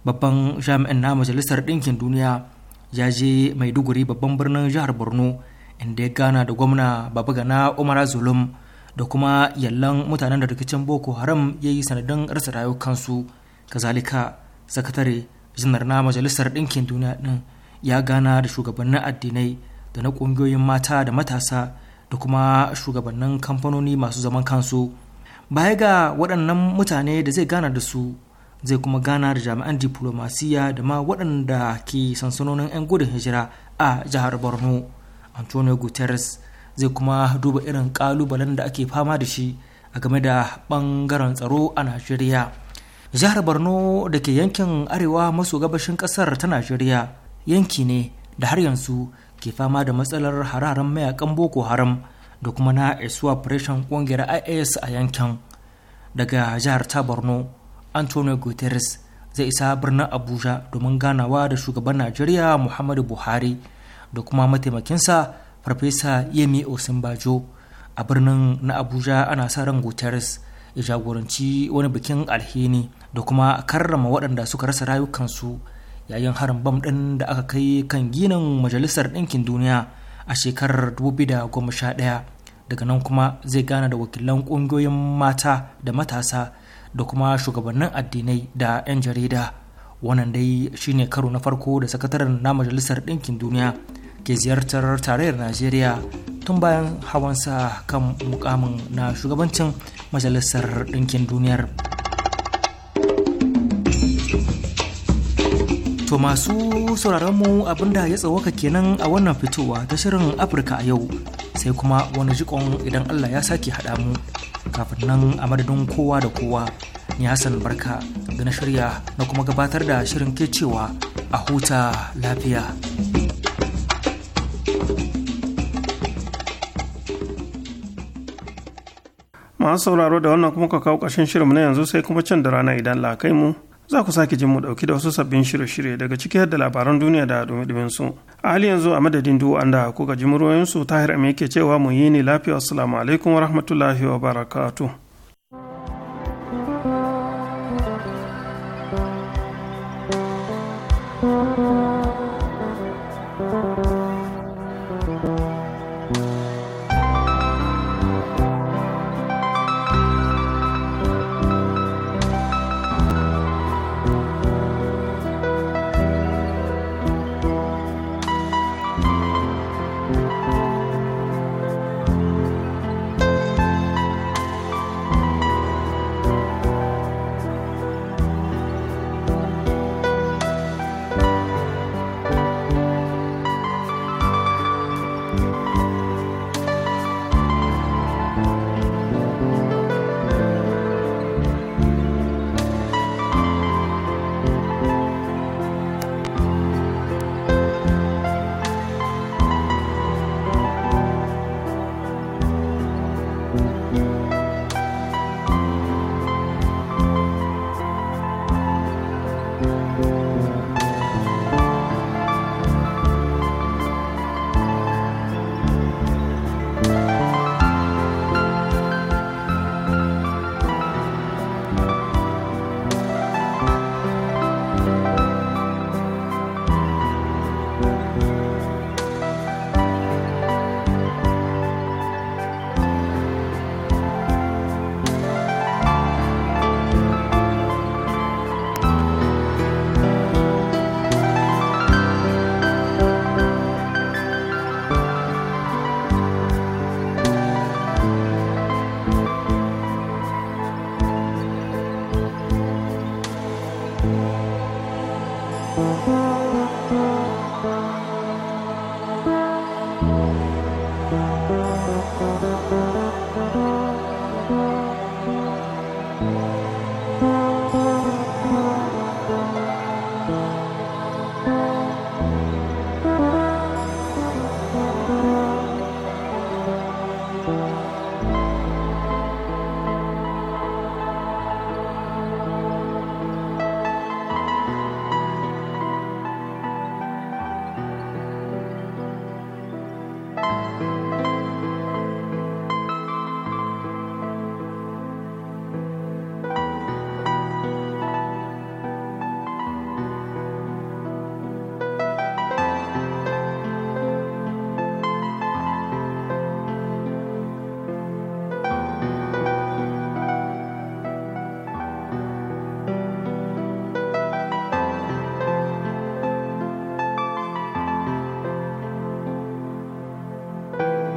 babban jami'in na majalisar ɗinkin duniya ya je maiduguri babban birnin jihar borno inda ya gana da gwamna babagana umar zulum da kuma yallan mutanen da rikicin boko haram ya yi sanadin rasa rayukansu kazalika sakatare janar na majalisar ɗinkin duniya ɗin ya gana da shugabannin addinai da na ƙungiyoyin mata da matasa da kuma shugabannin kamfanoni masu zaman kansu baya ga waɗannan mutane da zai gana da su zai kuma gana da jami'an diplomasiya da ma waɗanda ke sansanonin 'yan gudun hijira a jihar borno antonio guterres zai kuma duba irin ƙalubalen da ake fama da shi a game da ɓangaren tsaro a najeriya jihar borno da ke yankin arewa maso gabashin ƙasar ta najeriya yanki ne da har yanzu ke fama da matsalar hararen mayakan boko haram da kuma na isuwa operation kungiyar is a yankin daga jihar ta borno antonio guterres zai isa birnin abuja domin ganawa da shugaban najeriya muhammadu buhari da kuma mataimakinsa farfesa yemi osinbajo a birnin na abuja ana sa ran guterres ya jagoranci wani bikin alhini da kuma karrama waɗanda suka rasa rayukansu yayin harin bam ɗin da aka kai kan ginin majalisar ɗinkin duniya a shekarar 2011 daga nan kuma zai gana da wakilan ƙungiyoyin mata da matasa da kuma shugabannin addinai da 'yan jarida wannan dai shine karo na farko da sakataren na majalisar ɗinkin duniya ke ziyartar tarayyar najeriya tun bayan hawansa kan mukamin na shugabancin majalisar ɗinkin duniyar. To masu sauraron mu abinda ya tsawaka kenan a wannan fitowa ta shirin Afirka a yau sai kuma wani jikon idan Allah ya sake haɗa mu kafin nan a madadin kowa da kowa ni Hassan Barka da na shirya na kuma gabatar da shirin ke cewa a huta lafiya. masu sauraro da wannan kuma ka kawo ƙarshen shirin na yanzu sai kuma can da rana idan la kai mu za ku sake jin mu dauki da wasu sabbin shirye-shirye daga ciki da labaran duniya da dumi su a hali yanzu a madadin duk wanda kuka ji muryoyin su tahir ke cewa mu yi ni lafiya assalamu alaikum wa rahmatullahi wa barakatuh